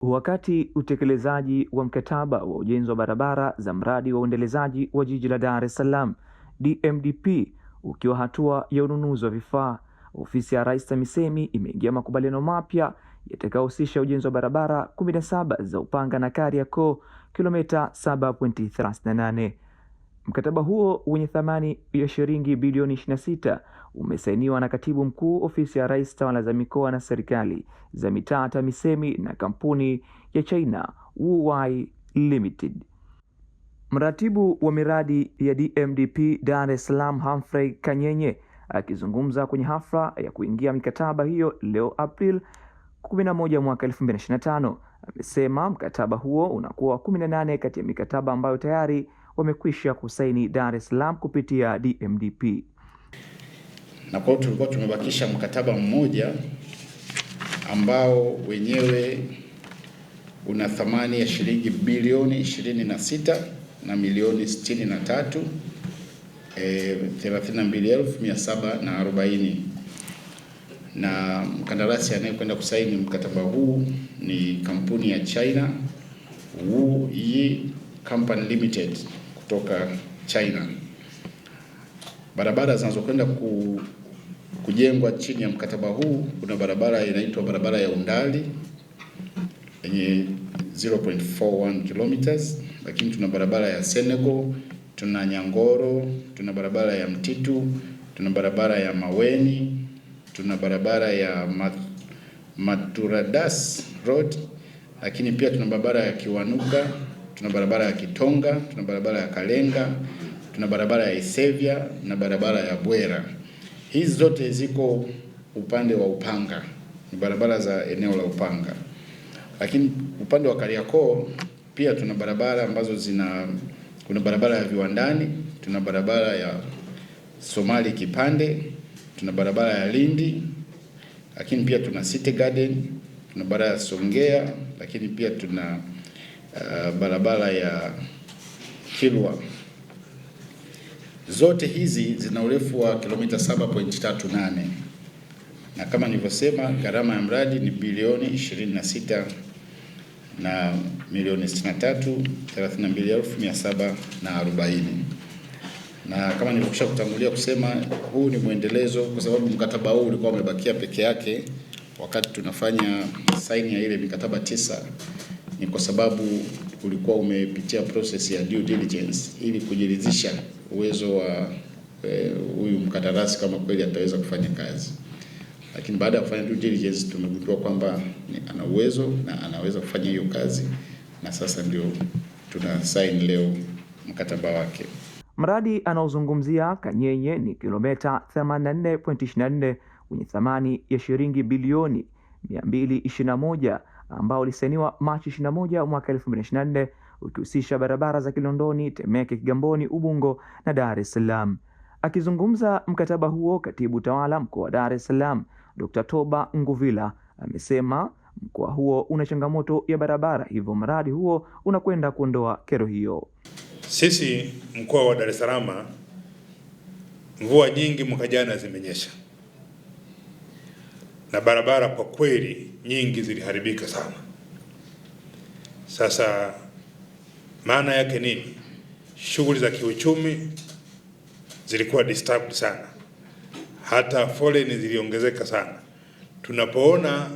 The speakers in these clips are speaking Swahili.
Wakati utekelezaji wa mkataba wa ujenzi wa barabara za mradi wa uendelezaji wa jiji la Dar es Salaam DMDP ukiwa hatua ya ununuzi wa vifaa, ofisi ya Rais TAMISEMI imeingia makubaliano mapya yatakayohusisha ujenzi wa barabara 17 za Upanga na Kariakoo kilomita 7.38. Mkataba huo wenye thamani ya shilingi bilioni 26 umesainiwa na katibu mkuu ofisi ya rais tawala za mikoa na serikali za mitaa TAMISEMI na kampuni ya China Wuwai Limited. Mratibu wa miradi ya DMDP Dar es Salaam Humphrey Kanyenye akizungumza kwenye hafla ya kuingia mikataba hiyo leo April 11 mwaka 2025 amesema mkataba huo unakuwa 18 kati ya mikataba ambayo tayari wamekwisha kusaini Dar es Salaam kupitia DMDP na kwa hiyo tulikuwa tumebakisha mkataba mmoja ambao wenyewe una thamani ya shilingi bilioni 26 na milioni 63 e, 32740 na mkandarasi anayekwenda kusaini mkataba huu ni kampuni ya China Wu Yi Company Limited kutoka China. Barabara zinazokwenda ku kujengwa chini ya mkataba huu. Kuna barabara inaitwa barabara ya Undali yenye 0.41 kilometers, lakini tuna barabara ya Senegal, tuna Nyangoro, tuna barabara ya Mtitu, tuna barabara ya Maweni, tuna barabara ya Maturadas Road, lakini pia tuna barabara ya Kiwanuka, tuna barabara ya Kitonga, tuna barabara ya Kalenga, tuna barabara ya Isevya na barabara ya Bwera. Hizi zote ziko upande wa Upanga, ni barabara za eneo la Upanga. Lakini upande wa Kariakoo pia tuna barabara ambazo zina, kuna barabara ya Viwandani, tuna barabara ya Somali Kipande, tuna barabara ya Lindi, lakini pia tuna City Garden, tuna barabara ya Songea, lakini pia tuna uh, barabara ya Kilwa. Zote hizi zina urefu wa kilomita 7.38 na kama nilivyosema, gharama ya mradi ni bilioni 26 na milioni 63 32740 na kama nilivyokusha kutangulia kusema, huu ni mwendelezo kwa sababu mkataba huu ulikuwa umebakia peke yake wakati tunafanya saini ya ile mikataba tisa. Ni kwa sababu ulikuwa umepitia process ya due diligence ili kujiridhisha uwezo wa eh, huyu e, mkandarasi kama kweli ataweza kufanya kazi. Lakini baada ya kufanya due diligence tumegundua kwamba ana uwezo na anaweza kufanya hiyo kazi, na sasa ndio tuna sign leo mkataba wake. Mradi anaozungumzia Kanyenye ni kilomita 84.24 wenye thamani ya shilingi bilioni 221 ambao ulisainiwa Machi 21 mwaka 2024 ukihusisha barabara za Kilondoni, Temeke, Kigamboni, Ubungo na Dar es Salaam. Akizungumza mkataba huo, katibu tawala mkoa wa Dar es Salaam Dr. Toba Nguvila amesema mkoa huo una changamoto ya barabara, hivyo mradi huo unakwenda kuondoa kero hiyo. Sisi mkoa wa Dar es Salaam mvua nyingi mwaka jana zimenyesha na barabara kwa kweli nyingi ziliharibika sana. Sasa maana yake nini? Shughuli za kiuchumi zilikuwa disturbed sana, hata foreign ziliongezeka sana. Tunapoona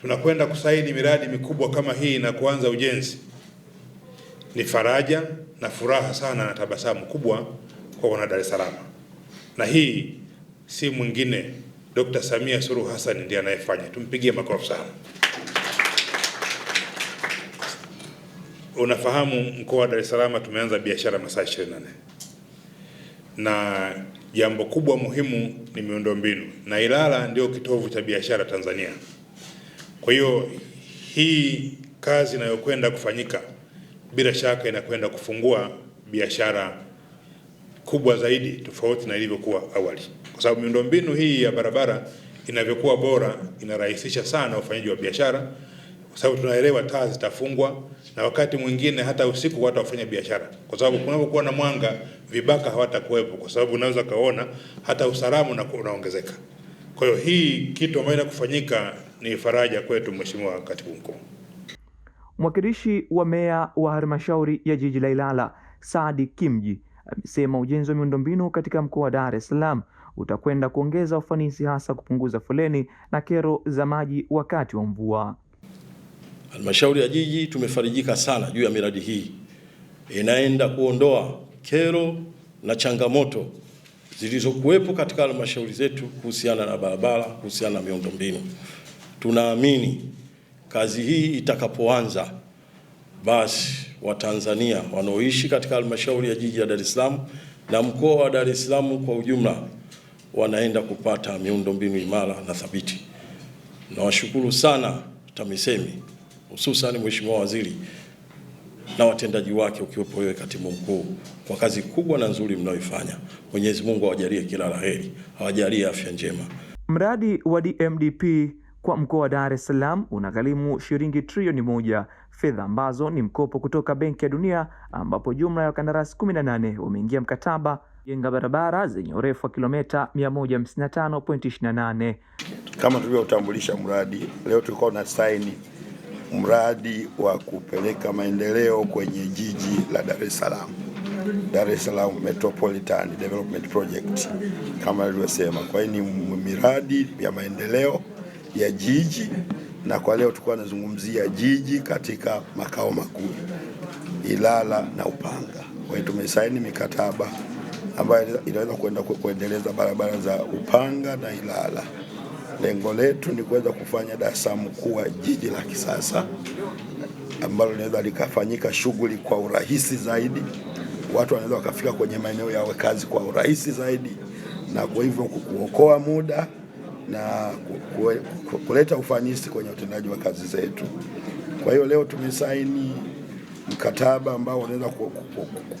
tunakwenda kusaini miradi mikubwa kama hii na kuanza ujenzi, ni faraja na furaha sana na tabasamu kubwa kwa wana Dar es Salaam, na hii si mwingine Dr. Samia Suluhu Hassan ndiye anayefanya. Tumpigie makofi sana. unafahamu mkoa wa Dar es Salaam tumeanza biashara masaa 24 na jambo kubwa muhimu ni miundombinu, na Ilala ndio kitovu cha biashara Tanzania. Kwa hiyo hii kazi inayokwenda kufanyika bila shaka inakwenda kufungua biashara kubwa zaidi tofauti na ilivyokuwa awali, kwa sababu miundombinu hii ya barabara inavyokuwa bora inarahisisha sana ufanyaji wa biashara kwa sababu tunaelewa taa zitafungwa, na wakati mwingine hata usiku watu wafanya biashara, kwa sababu mm. kunapokuwa na mwanga vibaka hawatakuwepo, kwa sababu unaweza kaona, hata usalama unaongezeka. Kwa hiyo hii kitu ambayo inakufanyika ni faraja kwetu, Mheshimiwa Katibu Mkuu. Mwakilishi wa meya wa halmashauri ya jiji la Ilala Saadi Kimji amesema ujenzi wa miundombinu katika mkoa wa Dar es Salaam utakwenda kuongeza ufanisi, hasa kupunguza foleni na kero za maji wakati wa mvua. Halmashauri ya jiji tumefarijika sana juu ya miradi hii, inaenda kuondoa kero na changamoto zilizokuwepo katika halmashauri zetu kuhusiana na barabara, kuhusiana na miundombinu. Tunaamini kazi hii itakapoanza, basi Watanzania wanaoishi katika halmashauri ya jiji ya Dar es Salaam na mkoa wa Dar es Salaam kwa ujumla wanaenda kupata miundombinu imara na thabiti. Nawashukuru sana TAMISEMI hususan Mheshimiwa Waziri na watendaji wake ukiwepo wewe katibu mkuu kwa kazi kubwa na nzuri mnayoifanya. Mwenyezi Mungu awajalie kila la heri, awajalie afya njema. Mradi wa DMDP kwa mkoa wa Dar es Salaam unagharimu shilingi trilioni moja, fedha ambazo ni mkopo kutoka Benki ya Dunia, ambapo jumla ya wakandarasi 18 wameingia mkataba jenga barabara zenye urefu wa kilometa 155.28 kama tulivyotambulisha mradi leo tulikuwa na saini mradi wa kupeleka maendeleo kwenye jiji la Dar es Salaam, Dar es Salaam Metropolitan Development Project kama alivyosema. Kwa hiyo ni miradi ya maendeleo ya jiji, na kwa leo tulikuwa tunazungumzia jiji katika makao makuu Ilala na Upanga. Kwa hiyo tumesaini mikataba ambayo inaweza kwenda kuendeleza barabara za Upanga na Ilala. Lengo letu ni kuweza kufanya Dar es Salaam kuwa jiji la kisasa ambalo linaweza likafanyika shughuli kwa urahisi zaidi, watu wanaweza wakafika kwenye maeneo yao kazi kwa urahisi zaidi, na kwa hivyo kuokoa muda na kuleta ufanisi kwenye utendaji wa kazi zetu. Kwa hiyo leo tumesaini mkataba ambao unaweza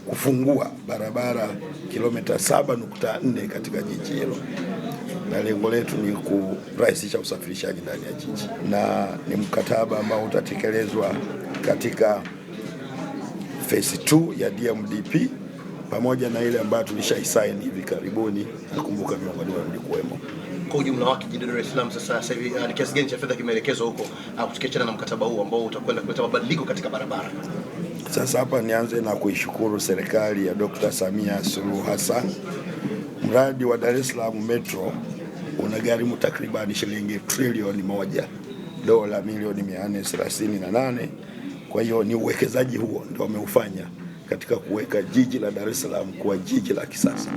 kufungua barabara kilomita 7.4 katika jiji hilo na lengo letu ni kurahisisha usafirishaji ndani ya jiji, na ni mkataba ambao utatekelezwa katika phase 2 ya DMDP pamoja na ile ambayo tulishaisaini hivi karibuni, nakumbuka miongoni mwa mlikuwemo. Kwa ujumla wake jiji la Dar es Salaam sasa sasa hivi uh, ni kiasi gani cha fedha kimeelekezwa huko, uh, tukiachana na mkataba huu ambao utakwenda kuleta mabadiliko katika barabara? Sasa hapa nianze na kuishukuru serikali ya Dr. Samia Suluhu Hassan. Mradi wa Dar es Salaam Metro unagharimu takribani shilingi trilioni moja dola milioni nane. Kwa hiyo ni uwekezaji huo ndio ameufanya katika kuweka jiji la Dar es Salaam kuwa jiji la kisasa.